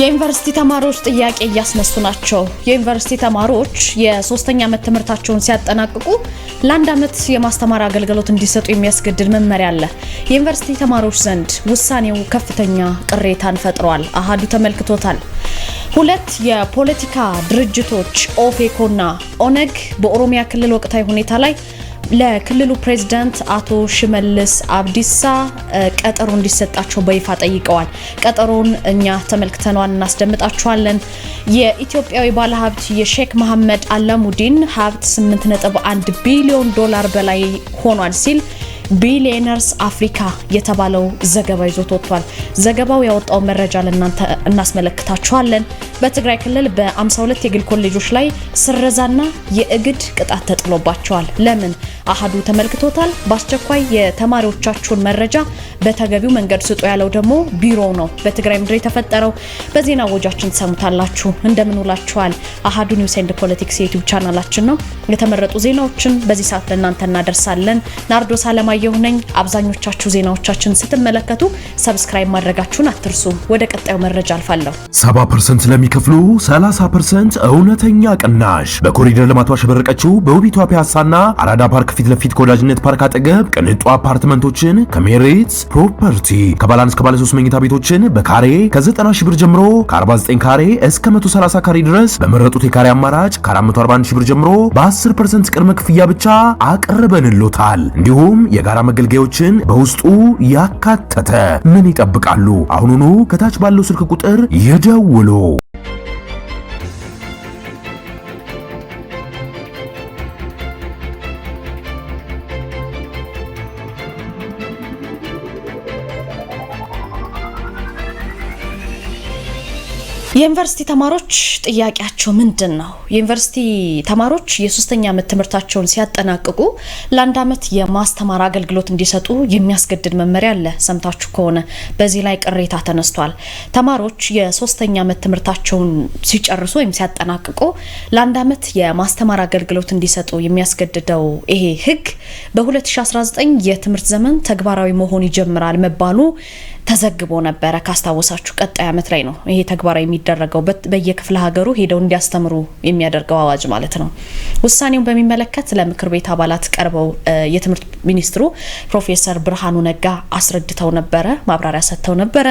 የዩኒቨርሲቲ ተማሪዎች ጥያቄ እያስነሱ ናቸው። የዩኒቨርሲቲ ተማሪዎች የሶስተኛ ዓመት ትምህርታቸውን ሲያጠናቅቁ ለአንድ ዓመት የማስተማር አገልግሎት እንዲሰጡ የሚያስገድድ መመሪያ አለ። የዩኒቨርሲቲ ተማሪዎች ዘንድ ውሳኔው ከፍተኛ ቅሬታን ፈጥሯል። አሃዱ ተመልክቶታል። ሁለት የፖለቲካ ድርጅቶች ኦፌኮና ኦነግ በኦሮሚያ ክልል ወቅታዊ ሁኔታ ላይ ለክልሉ ፕሬዝዳንት አቶ ሽመልስ አብዲሳ ቀጠሮ እንዲሰጣቸው በይፋ ጠይቀዋል። ቀጠሮውን እኛ ተመልክተነዋል፣ እናስደምጣችኋለን። የኢትዮጵያዊ ባለሀብት የሼክ መሐመድ አላሙዲን ሀብት 8.1 ቢሊዮን ዶላር በላይ ሆኗል ሲል ቢሊየነርስ አፍሪካ የተባለው ዘገባ ይዞት ወጥቷል። ዘገባው ያወጣው መረጃ ለእናንተ እናስመለክታችኋለን። በትግራይ ክልል በ52 የግል ኮሌጆች ላይ ስረዛና የእግድ ቅጣት ተጥሎባቸዋል። ለምን አሃዱ ተመልክቶታል። በአስቸኳይ የተማሪዎቻችሁን መረጃ በተገቢው መንገድ ስጡ ያለው ደግሞ ቢሮ ነው። በትግራይ ምድር የተፈጠረው በዜና ወጃችን ትሰሙታላችሁ። እንደምንውላችኋል። አሃዱ ኒውስ ኤንድ ፖለቲክስ የዩቲዩብ ቻናላችን ነው። የተመረጡ ዜናዎችን በዚህ ሰዓት ለእናንተ እናደርሳለን። ናርዶስ አለማ አለማየሁ ነኝ። አብዛኞቻችሁ ዜናዎቻችን ስትመለከቱ ሰብስክራይብ ማድረጋችሁን አትርሱ። ወደ ቀጣዩ መረጃ አልፋለሁ። 70 ፐርሰንት ለሚከፍሉ 30 ፐርሰንት እውነተኛ ቅናሽ በኮሪደር ልማቷ ያሸበረቀችው በውቢቷ ፒያሳና አራዳ ፓርክ ፊት ለፊት ከወዳጅነት ፓርክ አጠገብ ቅንጡ አፓርትመንቶችን ከሜሪትስ ፕሮፐርቲ ከባላንስ ከባለ 3 መኝታ ቤቶችን በካሬ ከ90 ሺህ ብር ጀምሮ ከ49 ካሬ እስከ 130 ካሬ ድረስ በመረጡት የካሬ አማራጭ ከ441 ሺህ ብር ጀምሮ በ10 ፐርሰንት ቅድመ ክፍያ ብቻ አቅርበንሎታል። እንዲሁም የ የጋራ መገልገያዎችን በውስጡ ያካተተ ምን ይጠብቃሉ? አሁኑኑ ከታች ባለው ስልክ ቁጥር ይደውሉ። የዩኒቨርሲቲ ተማሪዎች ጥያቄያቸው ምንድን ነው? የዩኒቨርሲቲ ተማሪዎች የሶስተኛ ዓመት ትምህርታቸውን ሲያጠናቅቁ ለአንድ ዓመት የማስተማር አገልግሎት እንዲሰጡ የሚያስገድድ መመሪያ አለ። ሰምታችሁ ከሆነ በዚህ ላይ ቅሬታ ተነስቷል። ተማሪዎች የሶስተኛ ዓመት ትምህርታቸውን ሲጨርሱ ወይም ሲያጠናቅቁ ለአንድ ዓመት የማስተማር አገልግሎት እንዲሰጡ የሚያስገድደው ይሄ ሕግ በ2019 የትምህርት ዘመን ተግባራዊ መሆን ይጀምራል መባሉ ተዘግቦ ነበረ። ካስታወሳችሁ ቀጣይ ዓመት ላይ ነው ይሄ ተግባራዊ የሚደረገው በየክፍለ ሀገሩ ሄደው እንዲያስተምሩ የሚያደርገው አዋጅ ማለት ነው። ውሳኔውን በሚመለከት ለምክር ቤት አባላት ቀርበው የትምህርት ሚኒስትሩ ፕሮፌሰር ብርሃኑ ነጋ አስረድተው ነበረ፣ ማብራሪያ ሰጥተው ነበረ።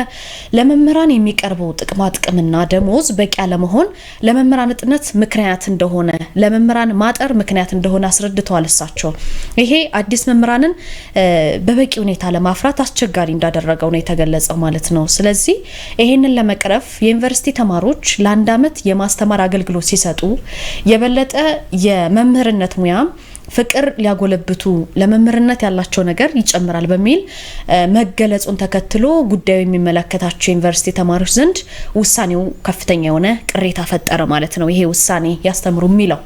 ለመምህራን የሚቀርበው ጥቅማ ጥቅምና ደሞዝ በቂ አለመሆን ለመምህራን እጥነት ምክንያት እንደሆነ፣ ለመምህራን ማጠር ምክንያት እንደሆነ አስረድተዋል። እሳቸው ይሄ አዲስ መምህራንን በበቂ ሁኔታ ለማፍራት አስቸጋሪ እንዳደረገው ነው የተገለጸው ማለት ነው። ስለዚህ ይህንን ለመቅረፍ የዩኒቨርሲቲ ተማሪዎች ለአንድ ዓመት የማስተማር አገልግሎት ሲሰጡ የበለጠ የመምህርነት ሙያም። ፍቅር ሊያጎለብቱ ለመምህርነት ያላቸው ነገር ይጨምራል በሚል መገለጹን ተከትሎ ጉዳዩ የሚመለከታቸው ዩኒቨርሲቲ ተማሪዎች ዘንድ ውሳኔው ከፍተኛ የሆነ ቅሬታ ፈጠረ ማለት ነው። ይሄ ውሳኔ ያስተምሩ የሚለው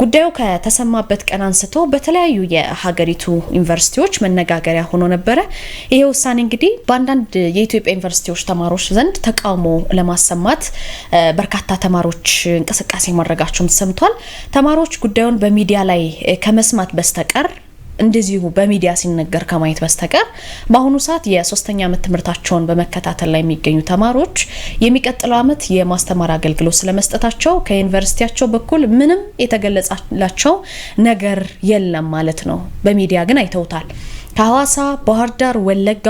ጉዳዩ ከተሰማበት ቀን አንስቶ በተለያዩ የሀገሪቱ ዩኒቨርሲቲዎች መነጋገሪያ ሆኖ ነበረ። ይሄ ውሳኔ እንግዲህ በአንዳንድ የኢትዮጵያ ዩኒቨርሲቲዎች ተማሪዎች ዘንድ ተቃውሞ ለማሰማት በርካታ ተማሪዎች እንቅስቃሴ ማድረጋቸውም ተሰምቷል። ተማሪዎች ጉዳዩን በሚዲያ ላይ ከመስማት በስተቀር እንደዚሁ በሚዲያ ሲነገር ከማየት በስተቀር በአሁኑ ሰዓት የሶስተኛ ዓመት ትምህርታቸውን በመከታተል ላይ የሚገኙ ተማሪዎች የሚቀጥለው ዓመት የማስተማር አገልግሎት ስለመስጠታቸው ከዩኒቨርሲቲያቸው በኩል ምንም የተገለጸላቸው ነገር የለም ማለት ነው። በሚዲያ ግን አይተውታል። ከሐዋሳ፣ ባህር ዳር፣ ወለጋ፣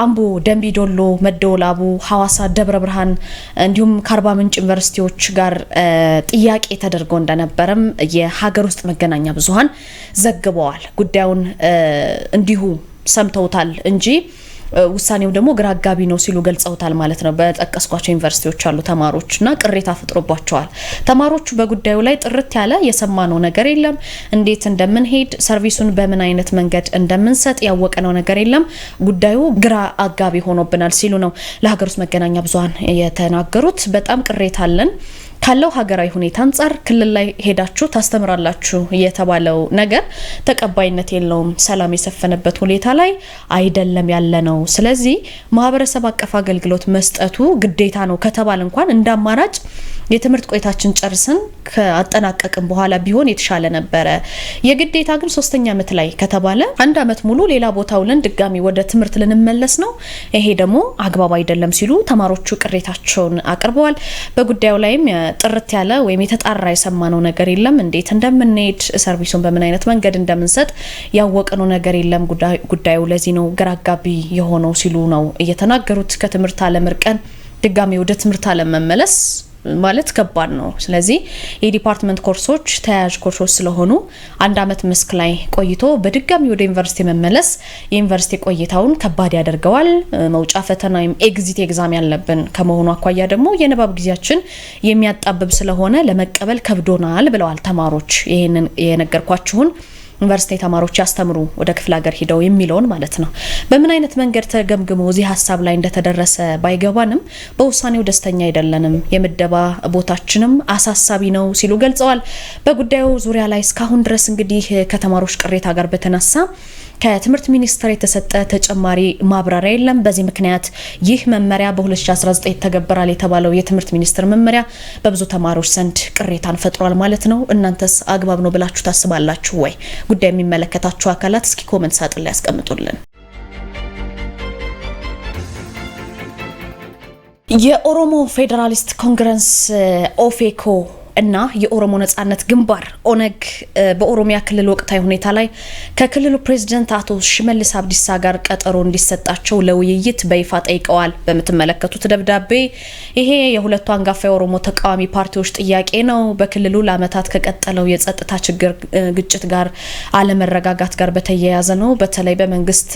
አምቦ፣ ደንቢዶሎ፣ መደወላቡ፣ ሐዋሳ፣ ደብረ ብርሃን እንዲሁም ከአርባ ምንጭ ዩኒቨርሲቲዎች ጋር ጥያቄ ተደርጎ እንደነበረም የሀገር ውስጥ መገናኛ ብዙሃን ዘግበዋል። ጉዳዩን እንዲሁ ሰምተውታል እንጂ ውሳኔው ደግሞ ግራ አጋቢ ነው ሲሉ ገልጸውታል ማለት ነው። በጠቀስኳቸው ዩኒቨርሲቲዎች አሉ ተማሪዎችና ቅሬታ ፈጥሮባቸዋል። ተማሪዎቹ በጉዳዩ ላይ ጥርት ያለ የሰማነው ነገር የለም፣ እንዴት እንደምንሄድ ሰርቪሱን በምን አይነት መንገድ እንደምንሰጥ ነው ነገር የለም፣ ጉዳዩ ግራ አጋቢ ሆኖብናል ሲሉ ነው ለሀገር ውስጥ መገናኛ ብዙሃን የተናገሩት። በጣም ቅሬታ አለን ካለው ሀገራዊ ሁኔታ አንጻር ክልል ላይ ሄዳችሁ ታስተምራላችሁ የተባለው ነገር ተቀባይነት የለውም፣ ሰላም የሰፈነበት ሁኔታ ላይ አይደለም ያለ ነው። ስለዚህ ማህበረሰብ አቀፍ አገልግሎት መስጠቱ ግዴታ ነው ከተባለ እንኳን እንደ አማራጭ የትምህርት ቆይታችን ጨርስን ከአጠናቀቅን በኋላ ቢሆን የተሻለ ነበረ። የግዴታ ግን ሶስተኛ ዓመት ላይ ከተባለ አንድ ዓመት ሙሉ ሌላ ቦታ ውለን ድጋሚ ወደ ትምህርት ልንመለስ ነው፣ ይሄ ደግሞ አግባብ አይደለም ሲሉ ተማሪዎቹ ቅሬታቸውን አቅርበዋል። በጉዳዩ ላይም ጥርት ያለ ወይም የተጣራ የሰማነው ነገር የለም። እንዴት እንደምንሄድ ሰርቪሱን በምን አይነት መንገድ እንደምንሰጥ ያወቅነው ነገር የለም። ጉዳዩ ለዚህ ነው ግራ አጋቢ የሆነው ሲሉ ነው እየተናገሩት። ከትምህርት ዓለም ርቀን ድጋሚ ወደ ትምህርት አለመመለስ ማለት ከባድ ነው። ስለዚህ የዲፓርትመንት ኮርሶች ተያያዥ ኮርሶች ስለሆኑ አንድ አመት መስክ ላይ ቆይቶ በድጋሚ ወደ ዩኒቨርሲቲ መመለስ የዩኒቨርሲቲ ቆይታውን ከባድ ያደርገዋል። መውጫ ፈተና ወይም ኤግዚት ኤግዛም ያለብን ከመሆኑ አኳያ ደግሞ የንባብ ጊዜያችን የሚያጣብብ ስለሆነ ለመቀበል ከብዶናል ብለዋል ተማሮች ይህንን የነገርኳችሁን ዩኒቨርሲቲ ተማሪዎች ያስተምሩ ወደ ክፍለ ሀገር ሂደው የሚለውን ማለት ነው። በምን አይነት መንገድ ተገምግሞ እዚህ ሀሳብ ላይ እንደተደረሰ ባይገባንም በውሳኔው ደስተኛ አይደለንም፣ የምደባ ቦታችንም አሳሳቢ ነው ሲሉ ገልጸዋል። በጉዳዩ ዙሪያ ላይ እስካሁን ድረስ እንግዲህ ከተማሪዎች ቅሬታ ጋር በተነሳ ከትምህርት ሚኒስቴር የተሰጠ ተጨማሪ ማብራሪያ የለም። በዚህ ምክንያት ይህ መመሪያ በ2019 ተገበራል የተባለው የትምህርት ሚኒስቴር መመሪያ በብዙ ተማሪዎች ዘንድ ቅሬታን ፈጥሯል ማለት ነው። እናንተስ አግባብ ነው ብላችሁ ታስባላችሁ ወይ? ጉዳይ የሚመለከታችሁ አካላት እስኪ ኮመንት ሳጥን ላይ ያስቀምጡልን። የኦሮሞ ፌዴራሊስት ኮንግረስ ኦፌኮ እና የኦሮሞ ነጻነት ግንባር ኦነግ በኦሮሚያ ክልል ወቅታዊ ሁኔታ ላይ ከክልሉ ፕሬዚደንት አቶ ሽመልስ አብዲሳ ጋር ቀጠሮ እንዲሰጣቸው ለውይይት በይፋ ጠይቀዋል። በምትመለከቱት ደብዳቤ ይሄ የሁለቱ አንጋፋ የኦሮሞ ተቃዋሚ ፓርቲዎች ጥያቄ ነው። በክልሉ ለአመታት ከቀጠለው የጸጥታ ችግር፣ ግጭት ጋር አለመረጋጋት ጋር በተያያዘ ነው። በተለይ በመንግስት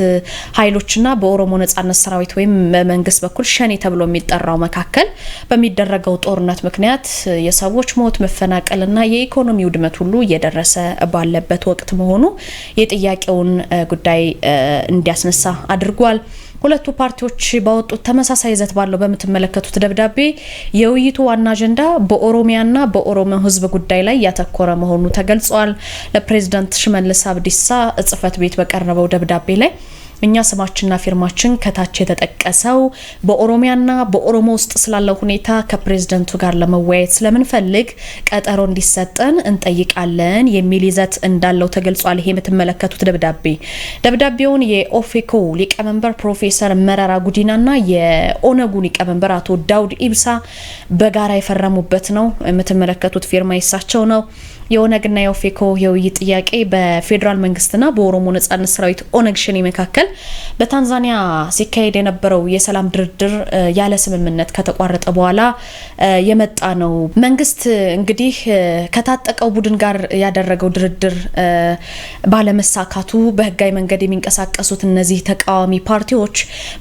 ኃይሎችና በኦሮሞ ነጻነት ሰራዊት ወይም በመንግስት በኩል ሸኔ ተብሎ የሚጠራው መካከል በሚደረገው ጦርነት ምክንያት የሰዎች ሞት የሞት መፈናቀልና የኢኮኖሚ ውድመት ሁሉ እየደረሰ ባለበት ወቅት መሆኑ የጥያቄውን ጉዳይ እንዲያስነሳ አድርጓል። ሁለቱ ፓርቲዎች ባወጡት ተመሳሳይ ይዘት ባለው በምትመለከቱት ደብዳቤ የውይይቱ ዋና አጀንዳ በኦሮሚያና በኦሮሞ ሕዝብ ጉዳይ ላይ ያተኮረ መሆኑ ተገልጿል። ለፕሬዝዳንት ሽመልስ አብዲሳ ጽህፈት ቤት በቀረበው ደብዳቤ ላይ እኛ ስማችንና ፊርማችን ከታች የተጠቀሰው በኦሮሚያና በኦሮሞ ውስጥ ስላለው ሁኔታ ከፕሬዝደንቱ ጋር ለመወያየት ስለምንፈልግ ቀጠሮ እንዲሰጠን እንጠይቃለን የሚል ይዘት እንዳለው ተገልጿል። ይሄ የምትመለከቱት ደብዳቤ ደብዳቤውን የኦፌኮ ሊቀመንበር ፕሮፌሰር መረራ ጉዲናና የኦነጉ ሊቀመንበር አቶ ዳውድ ኢብሳ በጋራ የፈረሙበት ነው። የምትመለከቱት ፊርማ ይሳቸው ነው። የኦነግና የኦፌኮ የውይይት ጥያቄ በፌዴራል መንግስትና በኦሮሞ ነጻነት ሰራዊት ኦነግ ሸኔ መካከል በታንዛኒያ ሲካሄድ የነበረው የሰላም ድርድር ያለ ስምምነት ከተቋረጠ በኋላ የመጣ ነው። መንግስት እንግዲህ ከታጠቀው ቡድን ጋር ያደረገው ድርድር ባለመሳካቱ በህጋዊ መንገድ የሚንቀሳቀሱት እነዚህ ተቃዋሚ ፓርቲዎች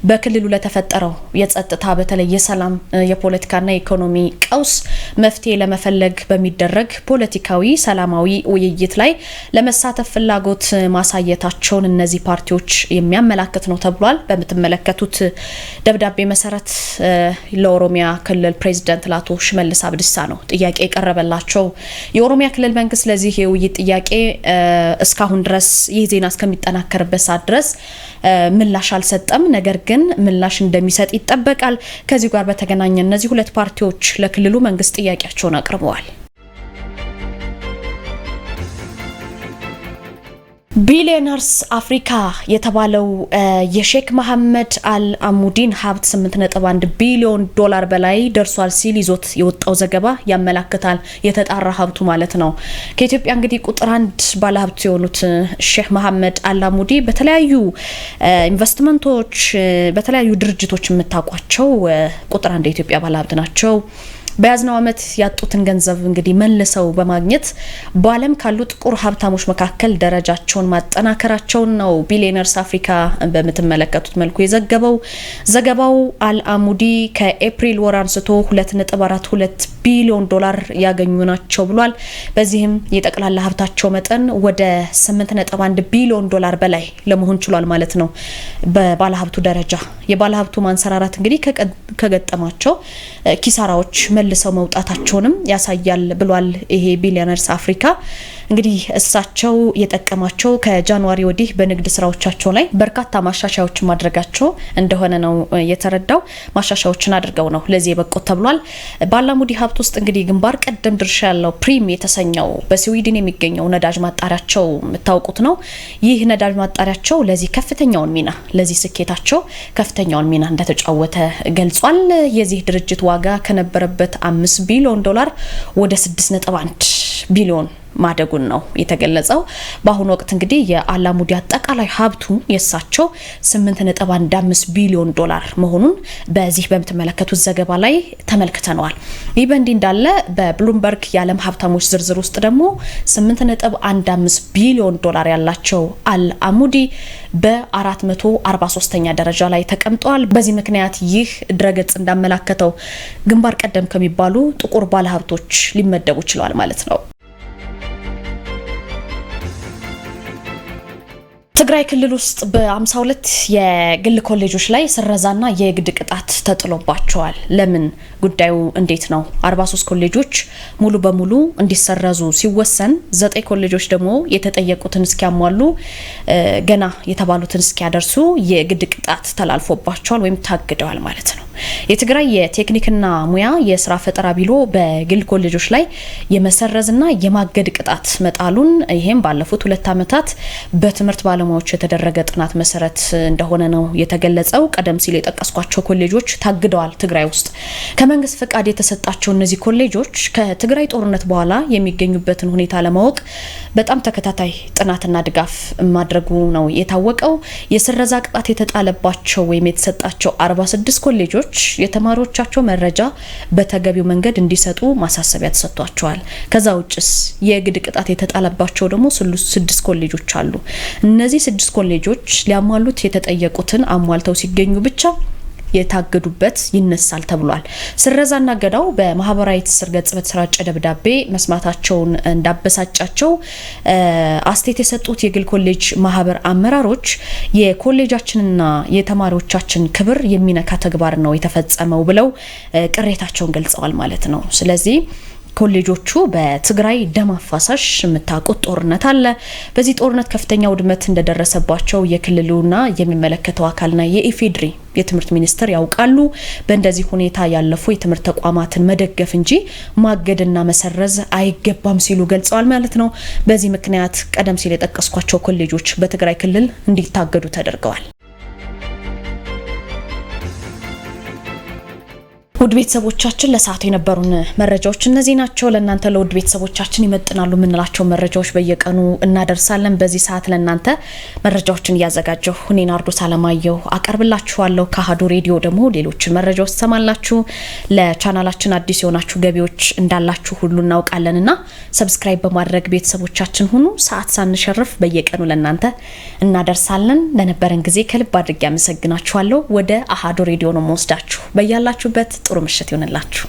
በክልሉ ለተፈጠረው የጸጥታ በተለይ የሰላም የፖለቲካና የኢኮኖሚ ቀውስ መፍትሄ ለመፈለግ በሚደረግ ፖለቲካዊ ሰላማዊ ውይይት ላይ ለመሳተፍ ፍላጎት ማሳየታቸውን እነዚህ ፓርቲዎች የሚያመላክት ነው ተብሏል። በምትመለከቱት ደብዳቤ መሰረት ለኦሮሚያ ክልል ፕሬዚደንት ላቶ ሽመልስ አብዲሳ ነው ጥያቄ የቀረበላቸው። የኦሮሚያ ክልል መንግስት ለዚህ የውይይት ጥያቄ እስካሁን ድረስ ይህ ዜና እስከሚጠናከርበት ሰዓት ድረስ ምላሽ አልሰጠም። ነገር ግን ምላሽ እንደሚሰጥ ይጠበቃል። ከዚህ ጋር በተገናኘ እነዚህ ሁለት ፓርቲዎች ለክልሉ መንግስት ጥያቄያቸውን አቅርበዋል። ቢሊዮነርስ አፍሪካ የተባለው የሼክ መሐመድ አል አሙዲን ሀብት 8.1 ቢሊዮን ዶላር በላይ ደርሷል ሲል ይዞት የወጣው ዘገባ ያመላክታል። የተጣራ ሀብቱ ማለት ነው። ከኢትዮጵያ እንግዲህ ቁጥር አንድ ባለሀብት የሆኑት ሼክ መሐመድ አል አሙዲ በተለያዩ ኢንቨስትመንቶች፣ በተለያዩ ድርጅቶች የምታውቋቸው ቁጥር አንድ የኢትዮጵያ ባለሀብት ናቸው። በያዝነው ዓመት ያጡትን ገንዘብ እንግዲህ መልሰው በማግኘት በዓለም ካሉ ጥቁር ሀብታሞች መካከል ደረጃቸውን ማጠናከራቸውን ነው ቢሊዮነርስ አፍሪካ በምትመለከቱት መልኩ የዘገበው። ዘገባው አልአሙዲ ከኤፕሪል ወር አንስቶ 2.42 ቢሊዮን ዶላር ያገኙ ናቸው ብሏል። በዚህም የጠቅላላ ሀብታቸው መጠን ወደ 8.1 ቢሊዮን ዶላር በላይ ለመሆን ችሏል ማለት ነው በባለሀብቱ ደረጃ። የባለሀብቱ ማንሰራራት እንግዲህ ከገጠማቸው ኪሳራዎች መልሰው መውጣታቸውንም ያሳያል ብሏል። ይሄ ቢሊዮነርስ አፍሪካ እንግዲህ እሳቸው የጠቀማቸው ከጃንዋሪ ወዲህ በንግድ ስራዎቻቸው ላይ በርካታ ማሻሻያዎች ማድረጋቸው እንደሆነ ነው የተረዳው። ማሻሻያዎችን አድርገው ነው ለዚህ የበቁት ተብሏል። በአላሙዲ ሀብት ውስጥ እንግዲህ ግንባር ቀደም ድርሻ ያለው ፕሪም የተሰኘው በስዊድን የሚገኘው ነዳጅ ማጣሪያቸው የምታውቁት ነው። ይህ ነዳጅ ማጣሪያቸው ለዚህ ከፍተኛውን ሚና ለዚህ ስኬታቸው ከፍተኛውን ሚና እንደተጫወተ ገልጿል። የዚህ ድርጅት ዋጋ ከነበረበት አምስት ቢሊዮን ዶላር ወደ አንድ ቢሊዮን ማደጉን ነው የተገለጸው። በአሁኑ ወቅት እንግዲህ የአላሙዲ አጠቃላይ ሀብቱ የሳቸው 8.5 ቢሊዮን ዶላር መሆኑን በዚህ በምትመለከቱት ዘገባ ላይ ተመልክተነዋል። ይህ በእንዲህ እንዳለ በብሉምበርግ የዓለም ሀብታሞች ዝርዝር ውስጥ ደግሞ 8.15 ቢሊዮን ዶላር ያላቸው አልአሙዲ በ443ኛ ደረጃ ላይ ተቀምጠዋል። በዚህ ምክንያት ይህ ድረገጽ እንዳመላከተው ግንባር ቀደም ከሚባሉ ጥቁር ባለሀብቶች ሊመደቡ ችለዋል ማለት ነው። ትግራይ ክልል ውስጥ በ52 የግል ኮሌጆች ላይ ስረዛና የእግድ ቅጣት ተጥሎባቸዋል። ለምን? ጉዳዩ እንዴት ነው? 43 ኮሌጆች ሙሉ በሙሉ እንዲሰረዙ ሲወሰን፣ ዘጠኝ ኮሌጆች ደግሞ የተጠየቁትን እስኪያሟሉ ገና የተባሉትን እስኪያደርሱ የግድ ቅጣት ተላልፎባቸዋል ወይም ታግደዋል ማለት ነው። የትግራይ የቴክኒክና ሙያ የስራ ፈጠራ ቢሮ በግል ኮሌጆች ላይ የመሰረዝና የማገድ ቅጣት መጣሉን ይህም ባለፉት ሁለት ዓመታት በትምህርት ባለ ባለሙያዎች የተደረገ ጥናት መሰረት እንደሆነ ነው የተገለጸው። ቀደም ሲል የጠቀስኳቸው ኮሌጆች ታግደዋል ትግራይ ውስጥ። ከመንግስት ፈቃድ የተሰጣቸው እነዚህ ኮሌጆች ከትግራይ ጦርነት በኋላ የሚገኙበትን ሁኔታ ለማወቅ በጣም ተከታታይ ጥናትና ድጋፍ ማድረጉ ነው የታወቀው። የስረዛ ቅጣት የተጣለባቸው ወይም የተሰጣቸው 46 ኮሌጆች የተማሪዎቻቸው መረጃ በተገቢው መንገድ እንዲሰጡ ማሳሰቢያ ተሰጥቷቸዋል። ከዛ ውጭስ የግድ ቅጣት የተጣለባቸው ደግሞ ስድስት ኮሌጆች አሉ። እነዚህ ስድስት ኮሌጆች ሊያሟሉት የተጠየቁትን አሟልተው ሲገኙ ብቻ የታገዱበት ይነሳል ተብሏል። ስረዛና ገዳው በማህበራዊ ትስስር ገጽ በተሰራጨ ደብዳቤ መስማታቸውን እንዳበሳጫቸው አስቴት የሰጡት የግል ኮሌጅ ማህበር አመራሮች የኮሌጃችንና የተማሪዎቻችን ክብር የሚነካ ተግባር ነው የተፈጸመው ብለው ቅሬታቸውን ገልጸዋል ማለት ነው። ስለዚህ ኮሌጆቹ በትግራይ ደም አፋሳሽ የምታውቁት ጦርነት አለ። በዚህ ጦርነት ከፍተኛ ውድመት እንደደረሰባቸው የክልሉና የሚመለከተው አካልና የኢፌዴሪ የትምህርት ሚኒስቴር ያውቃሉ። በእንደዚህ ሁኔታ ያለፉ የትምህርት ተቋማትን መደገፍ እንጂ ማገድና መሰረዝ አይገባም ሲሉ ገልጸዋል ማለት ነው። በዚህ ምክንያት ቀደም ሲል የጠቀስኳቸው ኮሌጆች በትግራይ ክልል እንዲታገዱ ተደርገዋል። ውድ ቤተሰቦቻችን ለሰዓቱ የነበሩን መረጃዎች እነዚህ ናቸው። ለእናንተ ለውድ ቤተሰቦቻችን ይመጥናሉ የምንላቸው መረጃዎች በየቀኑ እናደርሳለን። በዚህ ሰዓት ለእናንተ መረጃዎችን እያዘጋጀሁ እኔ አርዶ ሳለማየው አቀርብላችኋለሁ። ከአሀዱ ሬዲዮ ደግሞ ሌሎችን መረጃዎች ትሰማላችሁ። ለቻናላችን አዲስ የሆናችሁ ገቢዎች እንዳላችሁ ሁሉ እናውቃለን እና ሰብስክራይብ በማድረግ ቤተሰቦቻችን ሁኑ። ሰዓት ሳንሸርፍ በየቀኑ ለእናንተ እናደርሳለን። ለነበረን ጊዜ ከልብ አድርጌ አመሰግናችኋለሁ። ወደ አሀዱ ሬዲዮ ነው መወስዳችሁ በያላችሁበት ጥሩ ምሽት ይሆንላችሁ።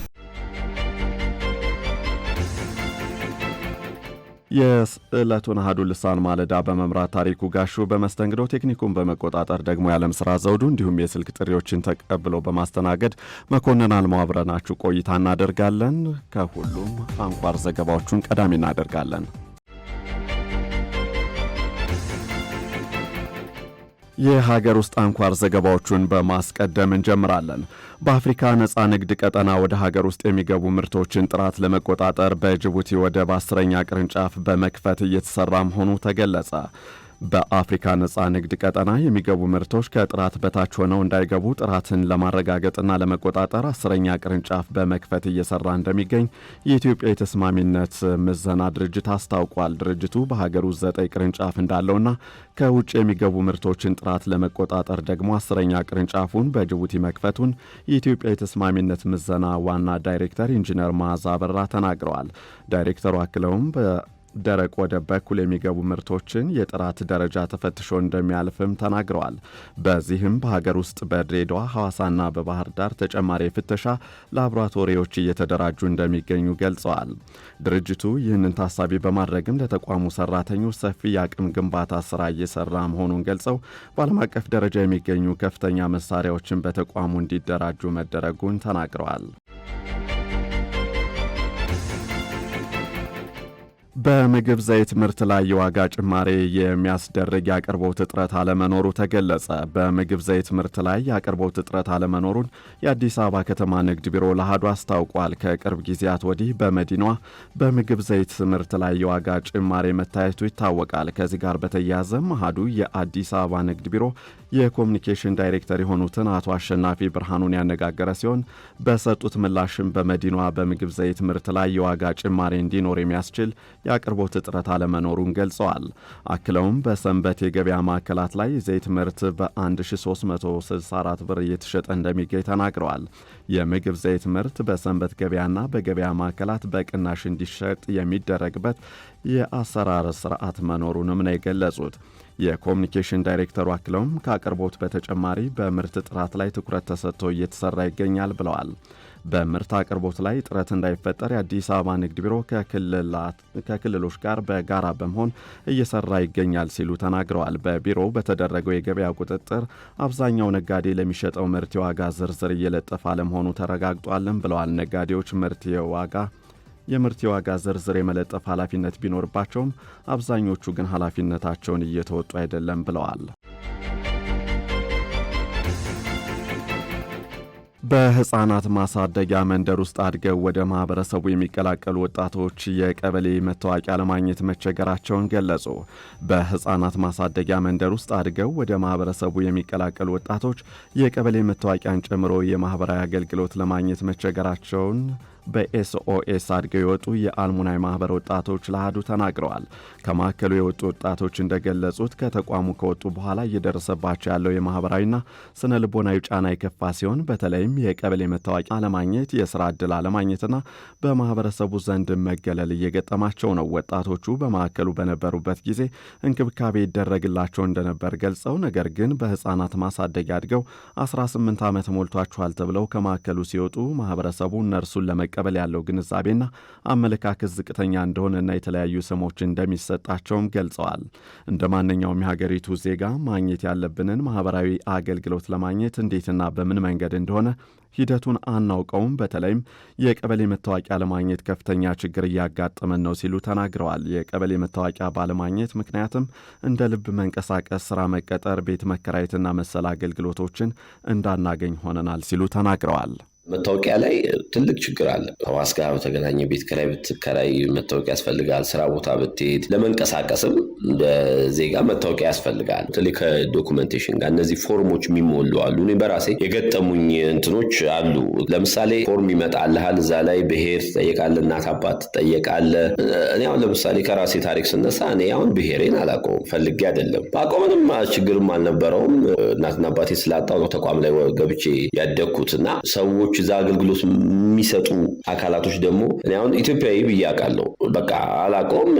የዕለቱን አህዱ ልሳን ማለዳ በመምራት ታሪኩ ጋሹ፣ በመስተንግዶ ቴክኒኩን በመቆጣጠር ደግሞ የዓለም ስራ ዘውዱ፣ እንዲሁም የስልክ ጥሪዎችን ተቀብሎ በማስተናገድ መኮንን አልማው አብረናችሁ ቆይታ እናደርጋለን። ከሁሉም አንኳር ዘገባዎቹን ቀዳሚ እናደርጋለን። የሀገር ውስጥ አንኳር ዘገባዎቹን በማስቀደም እንጀምራለን። በአፍሪካ ነፃ ንግድ ቀጠና ወደ ሀገር ውስጥ የሚገቡ ምርቶችን ጥራት ለመቆጣጠር በጅቡቲ ወደብ አስረኛ ቅርንጫፍ በመክፈት እየተሰራ መሆኑ ተገለጸ። በአፍሪካ ነጻ ንግድ ቀጠና የሚገቡ ምርቶች ከጥራት በታች ሆነው እንዳይገቡ ጥራትን ለማረጋገጥና ለመቆጣጠር አስረኛ ቅርንጫፍ በመክፈት እየሰራ እንደሚገኝ የኢትዮጵያ የተስማሚነት ምዘና ድርጅት አስታውቋል። ድርጅቱ በሀገር ውስጥ ዘጠኝ ቅርንጫፍ እንዳለውና ከውጭ የሚገቡ ምርቶችን ጥራት ለመቆጣጠር ደግሞ አስረኛ ቅርንጫፉን በጅቡቲ መክፈቱን የኢትዮጵያ የተስማሚነት ምዘና ዋና ዳይሬክተር ኢንጂነር መዓዛ አበራ ተናግረዋል። ዳይሬክተሩ አክለውም ደረቅ ወደ በኩል የሚገቡ ምርቶችን የጥራት ደረጃ ተፈትሾ እንደሚያልፍም ተናግረዋል። በዚህም በሀገር ውስጥ በድሬዳዋ ሐዋሳና በባህር ዳር ተጨማሪ ፍተሻ ላቦራቶሪዎች እየተደራጁ እንደሚገኙ ገልጸዋል። ድርጅቱ ይህንን ታሳቢ በማድረግም ለተቋሙ ሰራተኞች ሰፊ የአቅም ግንባታ ስራ እየሰራ መሆኑን ገልጸው በዓለም አቀፍ ደረጃ የሚገኙ ከፍተኛ መሳሪያዎችን በተቋሙ እንዲደራጁ መደረጉን ተናግረዋል። በምግብ ዘይት ምርት ላይ የዋጋ ጭማሬ የሚያስደርግ የአቅርቦት እጥረት አለመኖሩ ተገለጸ። በምግብ ዘይት ምርት ላይ የአቅርቦት እጥረት አለመኖሩን የአዲስ አበባ ከተማ ንግድ ቢሮ ለአሃዱ አስታውቋል። ከቅርብ ጊዜያት ወዲህ በመዲኗ በምግብ ዘይት ምርት ላይ የዋጋ ጭማሬ መታየቱ ይታወቃል። ከዚህ ጋር በተያያዘም አሃዱ የአዲስ አበባ ንግድ ቢሮ የኮሚኒኬሽን ዳይሬክተር የሆኑትን አቶ አሸናፊ ብርሃኑን ያነጋገረ ሲሆን በሰጡት ምላሽም በመዲኗ በምግብ ዘይት ምርት ላይ የዋጋ ጭማሪ እንዲኖር የሚያስችል የአቅርቦት እጥረት አለመኖሩን ገልጸዋል። አክለውም በሰንበት የገበያ ማዕከላት ላይ ዘይት ምርት በ1364 ብር እየተሸጠ እንደሚገኝ ተናግረዋል። የምግብ ዘይት ምርት በሰንበት ገበያና በገበያ ማዕከላት በቅናሽ እንዲሸጥ የሚደረግበት የአሰራር ስርዓት መኖሩንም ነው የገለጹት። የኮሚኒኬሽን ዳይሬክተሩ አክለውም ከአቅርቦት በተጨማሪ በምርት ጥራት ላይ ትኩረት ተሰጥቶ እየተሰራ ይገኛል ብለዋል። በምርት አቅርቦት ላይ ጥረት እንዳይፈጠር የአዲስ አበባ ንግድ ቢሮ ከክልሎች ጋር በጋራ በመሆን እየሰራ ይገኛል ሲሉ ተናግረዋል። በቢሮው በተደረገው የገበያ ቁጥጥር አብዛኛው ነጋዴ ለሚሸጠው ምርት የዋጋ ዝርዝር እየለጠፈ አለመሆኑ ተረጋግጧልም ብለዋል። ነጋዴዎች ምርት የዋጋ የምርት የዋጋ ዝርዝር የመለጠፍ ኃላፊነት ቢኖርባቸውም አብዛኞቹ ግን ኃላፊነታቸውን እየተወጡ አይደለም ብለዋል። በህፃናት ማሳደጊያ መንደር ውስጥ አድገው ወደ ማህበረሰቡ የሚቀላቀሉ ወጣቶች የቀበሌ መታወቂያ ለማግኘት መቸገራቸውን ገለጹ። በህፃናት ማሳደጊያ መንደር ውስጥ አድገው ወደ ማህበረሰቡ የሚቀላቀሉ ወጣቶች የቀበሌ መታወቂያን ጨምሮ የማህበራዊ አገልግሎት ለማግኘት መቸገራቸውን በኤስኦኤስ አድገው የወጡ የአልሙናይ ማህበር ወጣቶች ለአህዱ ተናግረዋል። ከማዕከሉ የወጡ ወጣቶች እንደገለጹት ከተቋሙ ከወጡ በኋላ እየደረሰባቸው ያለው የማህበራዊና ስነ ልቦናዊ ጫና የከፋ ሲሆን በተለይም የቀበሌ መታወቂያ አለማግኘት፣ የስራ ዕድል አለማግኘትና በማህበረሰቡ ዘንድ መገለል እየገጠማቸው ነው። ወጣቶቹ በማዕከሉ በነበሩበት ጊዜ እንክብካቤ ይደረግላቸው እንደነበር ገልጸው ነገር ግን በህፃናት ማሳደግ አድገው 18 ዓመት ሞልቷቸዋል ተብለው ከማዕከሉ ሲወጡ ማህበረሰቡ እነርሱን ለመ መቀበል ያለው ግንዛቤና አመለካከት ዝቅተኛ እንደሆነና የተለያዩ ስሞች እንደሚሰጣቸውም ገልጸዋል። እንደ ማንኛውም የሀገሪቱ ዜጋ ማግኘት ያለብንን ማህበራዊ አገልግሎት ለማግኘት እንዴትና በምን መንገድ እንደሆነ ሂደቱን አናውቀውም። በተለይም የቀበሌ መታወቂያ ለማግኘት ከፍተኛ ችግር እያጋጠመን ነው ሲሉ ተናግረዋል። የቀበሌ መታወቂያ ባለማግኘት ምክንያትም እንደ ልብ መንቀሳቀስ፣ ስራ መቀጠር፣ ቤት መከራየትና መሰል አገልግሎቶችን እንዳናገኝ ሆነናል ሲሉ ተናግረዋል። መታወቂያ ላይ ትልቅ ችግር አለ። ዋስ ጋር በተገናኘ ቤት ከላይ ብትከራይ መታወቂያ ያስፈልጋል። ስራ ቦታ ብትሄድ፣ ለመንቀሳቀስም እንደ ዜጋ መታወቂያ ያስፈልጋል። በተለይ ከዶኩመንቴሽን ጋር እነዚህ ፎርሞች የሚሞሉ አሉ። እኔ በራሴ የገጠሙኝ እንትኖች አሉ። ለምሳሌ ፎርም ይመጣልሃል፣ እዛ ላይ ብሄር ትጠየቃለ፣ እናት አባት ትጠየቃለ። እኔ አሁን ለምሳሌ ከራሴ ታሪክ ስነሳ እኔ አሁን ብሄሬን አላውቀውም፣ ፈልጌ አይደለም አቆምንም ችግርም አልነበረውም። እናትና አባቴ ስላጣው ነው ተቋም ላይ ገብቼ ያደግኩት እና ሰዎች utilizar aquilo que o Lúcio የሚሰጡ አካላቶች ደግሞ እኔ አሁን ኢትዮጵያዊ ብዬ አውቃለሁ። በቃ አላውቀውም፣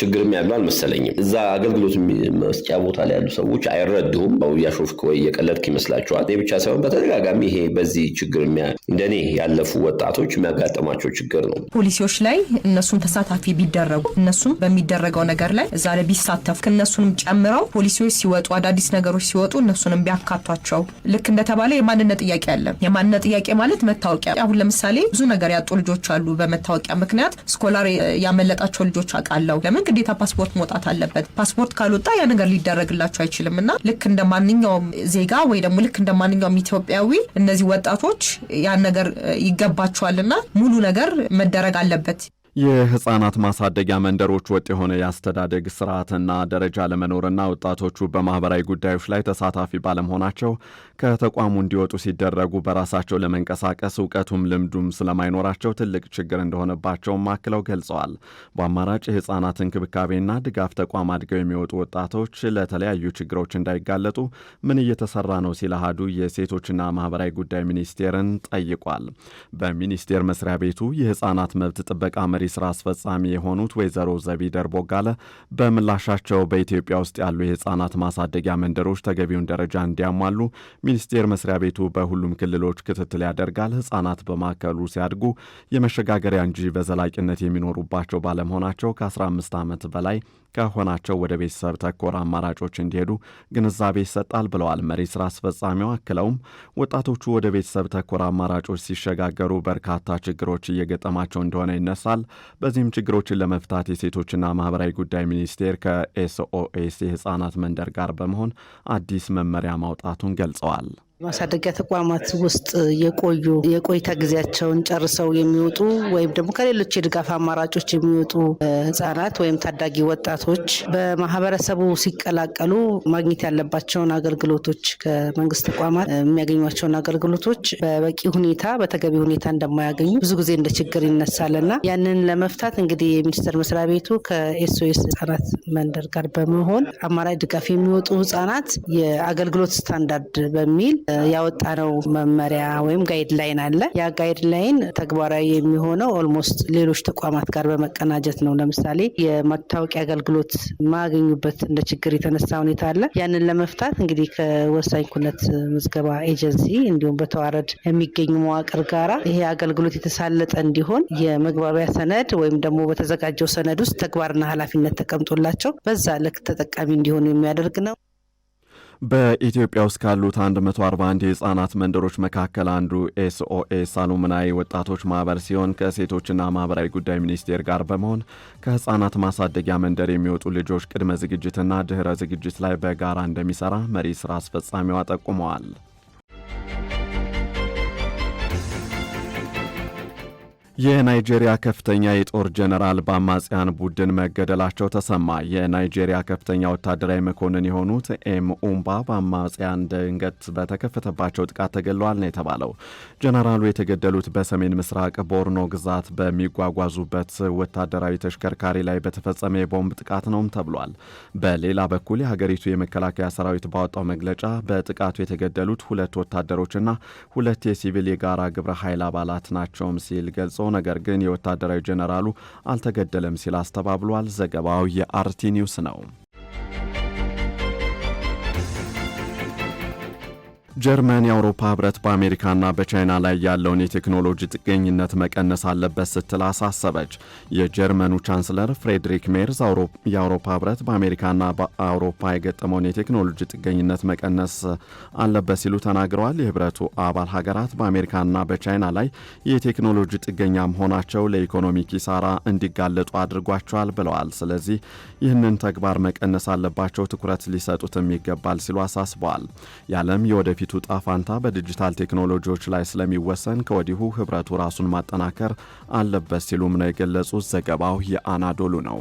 ችግርም ያለው አልመሰለኝም። እዛ አገልግሎት መስጫ ቦታ ላይ ያሉ ሰዎች አይረዱም። እያሾፍክ ወይ እየቀለድክ ይመስላቸዋል። እኔ ብቻ ሳይሆን በተደጋጋሚ ይሄ በዚህ ችግር እንደኔ ያለፉ ወጣቶች የሚያጋጥማቸው ችግር ነው። ፖሊሲዎች ላይ እነሱም ተሳታፊ ቢደረጉ እነሱም በሚደረገው ነገር ላይ እዛ ላይ ቢሳተፍ እነሱንም ጨምረው ፖሊሲዎች ሲወጡ አዳዲስ ነገሮች ሲወጡ እነሱንም ቢያካቷቸው ልክ እንደተባለ የማንነት ጥያቄ አለ። የማንነት ጥያቄ ማለት መታወቂያ አሁን ለምሳሌ ለምሳሌ ብዙ ነገር ያጡ ልጆች አሉ። በመታወቂያ ምክንያት ስኮላር ያመለጣቸው ልጆች አውቃለሁ። ለምን ግዴታ ፓስፖርት መውጣት አለበት? ፓስፖርት ካልወጣ ያ ነገር ሊደረግላቸው አይችልም። እና ልክ እንደ ማንኛውም ዜጋ ወይ ደግሞ ልክ እንደ ማንኛውም ኢትዮጵያዊ እነዚህ ወጣቶች ያን ነገር ይገባቸዋል እና ሙሉ ነገር መደረግ አለበት። የህፃናት ማሳደጊያ መንደሮች ወጥ የሆነ የአስተዳደግ ስርዓትና ደረጃ ለመኖርና ወጣቶቹ በማህበራዊ ጉዳዮች ላይ ተሳታፊ ባለመሆናቸው ከተቋሙ እንዲወጡ ሲደረጉ በራሳቸው ለመንቀሳቀስ እውቀቱም ልምዱም ስለማይኖራቸው ትልቅ ችግር እንደሆነባቸውም አክለው ገልጸዋል። በአማራጭ የህፃናት እንክብካቤና ድጋፍ ተቋም አድገው የሚወጡ ወጣቶች ለተለያዩ ችግሮች እንዳይጋለጡ ምን እየተሰራ ነው ሲል አሃዱ የሴቶችና ማህበራዊ ጉዳይ ሚኒስቴርን ጠይቋል። በሚኒስቴር መስሪያ ቤቱ የህፃናት መብት ጥበቃ መሪ ኮሚቴ ስራ አስፈጻሚ የሆኑት ወይዘሮ ዘቢደር ቦጋለ በምላሻቸው በኢትዮጵያ ውስጥ ያሉ የህጻናት ማሳደጊያ መንደሮች ተገቢውን ደረጃ እንዲያሟሉ ሚኒስቴር መስሪያ ቤቱ በሁሉም ክልሎች ክትትል ያደርጋል። ህጻናት በማዕከሉ ሲያድጉ የመሸጋገሪያ እንጂ በዘላቂነት የሚኖሩባቸው ባለመሆናቸው ከ15 ዓመት በላይ ከሆናቸው ወደ ቤተሰብ ተኮር አማራጮች እንዲሄዱ ግንዛቤ ይሰጣል ብለዋል መሪ ስራ አስፈጻሚው። አክለውም ወጣቶቹ ወደ ቤተሰብ ተኮር አማራጮች ሲሸጋገሩ በርካታ ችግሮች እየገጠማቸው እንደሆነ ይነሳል። በዚህም ችግሮችን ለመፍታት የሴቶችና ማህበራዊ ጉዳይ ሚኒስቴር ከኤስኦኤስ የህፃናት መንደር ጋር በመሆን አዲስ መመሪያ ማውጣቱን ገልጸዋል። ማሳደጊያ ተቋማት ውስጥ የቆዩ የቆይታ ጊዜያቸውን ጨርሰው የሚወጡ ወይም ደግሞ ከሌሎች የድጋፍ አማራጮች የሚወጡ ህጻናት ወይም ታዳጊ ወጣቶች በማህበረሰቡ ሲቀላቀሉ ማግኘት ያለባቸውን አገልግሎቶች ከመንግስት ተቋማት የሚያገኟቸውን አገልግሎቶች በበቂ ሁኔታ በተገቢ ሁኔታ እንደማያገኙ ብዙ ጊዜ እንደ ችግር ይነሳል እና ያንን ለመፍታት እንግዲህ የሚኒስቴር መስሪያ ቤቱ ከኤስኦኤስ ህጻናት መንደር ጋር በመሆን አማራጭ ድጋፍ የሚወጡ ህጻናት የአገልግሎት ስታንዳርድ በሚል ያወጣነው መመሪያ ወይም ጋይድ ላይን አለ። ያ ጋይድ ላይን ተግባራዊ የሚሆነው ኦልሞስት ሌሎች ተቋማት ጋር በመቀናጀት ነው። ለምሳሌ የመታወቂያ አገልግሎት ማገኙበት እንደ ችግር የተነሳ ሁኔታ አለ። ያንን ለመፍታት እንግዲህ ከወሳኝ ኩነት ምዝገባ ኤጀንሲ እንዲሁም በተዋረድ የሚገኙ መዋቅር ጋራ ይሄ አገልግሎት የተሳለጠ እንዲሆን የመግባቢያ ሰነድ ወይም ደግሞ በተዘጋጀው ሰነድ ውስጥ ተግባርና ኃላፊነት ተቀምጦላቸው በዛ ልክ ተጠቃሚ እንዲሆኑ የሚያደርግ ነው። በኢትዮጵያ ውስጥ ካሉት 141 የህጻናት መንደሮች መካከል አንዱ ኤስኦኤስ አሉምናይ ወጣቶች ማህበር ሲሆን ከሴቶችና ማህበራዊ ጉዳይ ሚኒስቴር ጋር በመሆን ከህጻናት ማሳደጊያ መንደር የሚወጡ ልጆች ቅድመ ዝግጅትና ድህረ ዝግጅት ላይ በጋራ እንደሚሰራ መሪ ስራ አስፈጻሚዋ ጠቁመዋል። የናይጄሪያ ከፍተኛ የጦር ጀነራል በአማጽያን ቡድን መገደላቸው ተሰማ። የናይጄሪያ ከፍተኛ ወታደራዊ መኮንን የሆኑት ኤም ኡምባ በአማጽያን ድንገት በተከፈተባቸው ጥቃት ተገሏል ነው የተባለው። ጀነራሉ የተገደሉት በሰሜን ምስራቅ ቦርኖ ግዛት በሚጓጓዙበት ወታደራዊ ተሽከርካሪ ላይ በተፈጸመ የቦምብ ጥቃት ነውም ተብሏል። በሌላ በኩል የሀገሪቱ የመከላከያ ሰራዊት ባወጣው መግለጫ በጥቃቱ የተገደሉት ሁለት ወታደሮችና ሁለት የሲቪል የጋራ ግብረ ኃይል አባላት ናቸውም ሲል ገልጾ ነገር ግን የወታደራዊ ጄኔራሉ አልተገደለም ሲል አስተባብሏል። ዘገባው የአርቲ ኒውስ ነው። ጀርመን የአውሮፓ ህብረት በአሜሪካና በቻይና ላይ ያለውን የቴክኖሎጂ ጥገኝነት መቀነስ አለበት ስትል አሳሰበች። የጀርመኑ ቻንስለር ፍሬድሪክ ሜርዝ የአውሮፓ ህብረት በአሜሪካና በአውሮፓ የገጠመውን የቴክኖሎጂ ጥገኝነት መቀነስ አለበት ሲሉ ተናግረዋል። የህብረቱ አባል ሀገራት በአሜሪካና በቻይና ላይ የቴክኖሎጂ ጥገኛ መሆናቸው ለኢኮኖሚ ኪሳራ እንዲጋለጡ አድርጓቸዋል ብለዋል። ስለዚህ ይህንን ተግባር መቀነስ አለባቸው፣ ትኩረት ሊሰጡትም ይገባል ሲሉ አሳስበዋል። የዓለም የወደፊት የወደፊቱ ጣፋንታ በዲጂታል ቴክኖሎጂዎች ላይ ስለሚወሰን ከወዲሁ ህብረቱ ራሱን ማጠናከር አለበት ሲሉም ነው የገለጹት። ዘገባው የአናዶሉ ነው።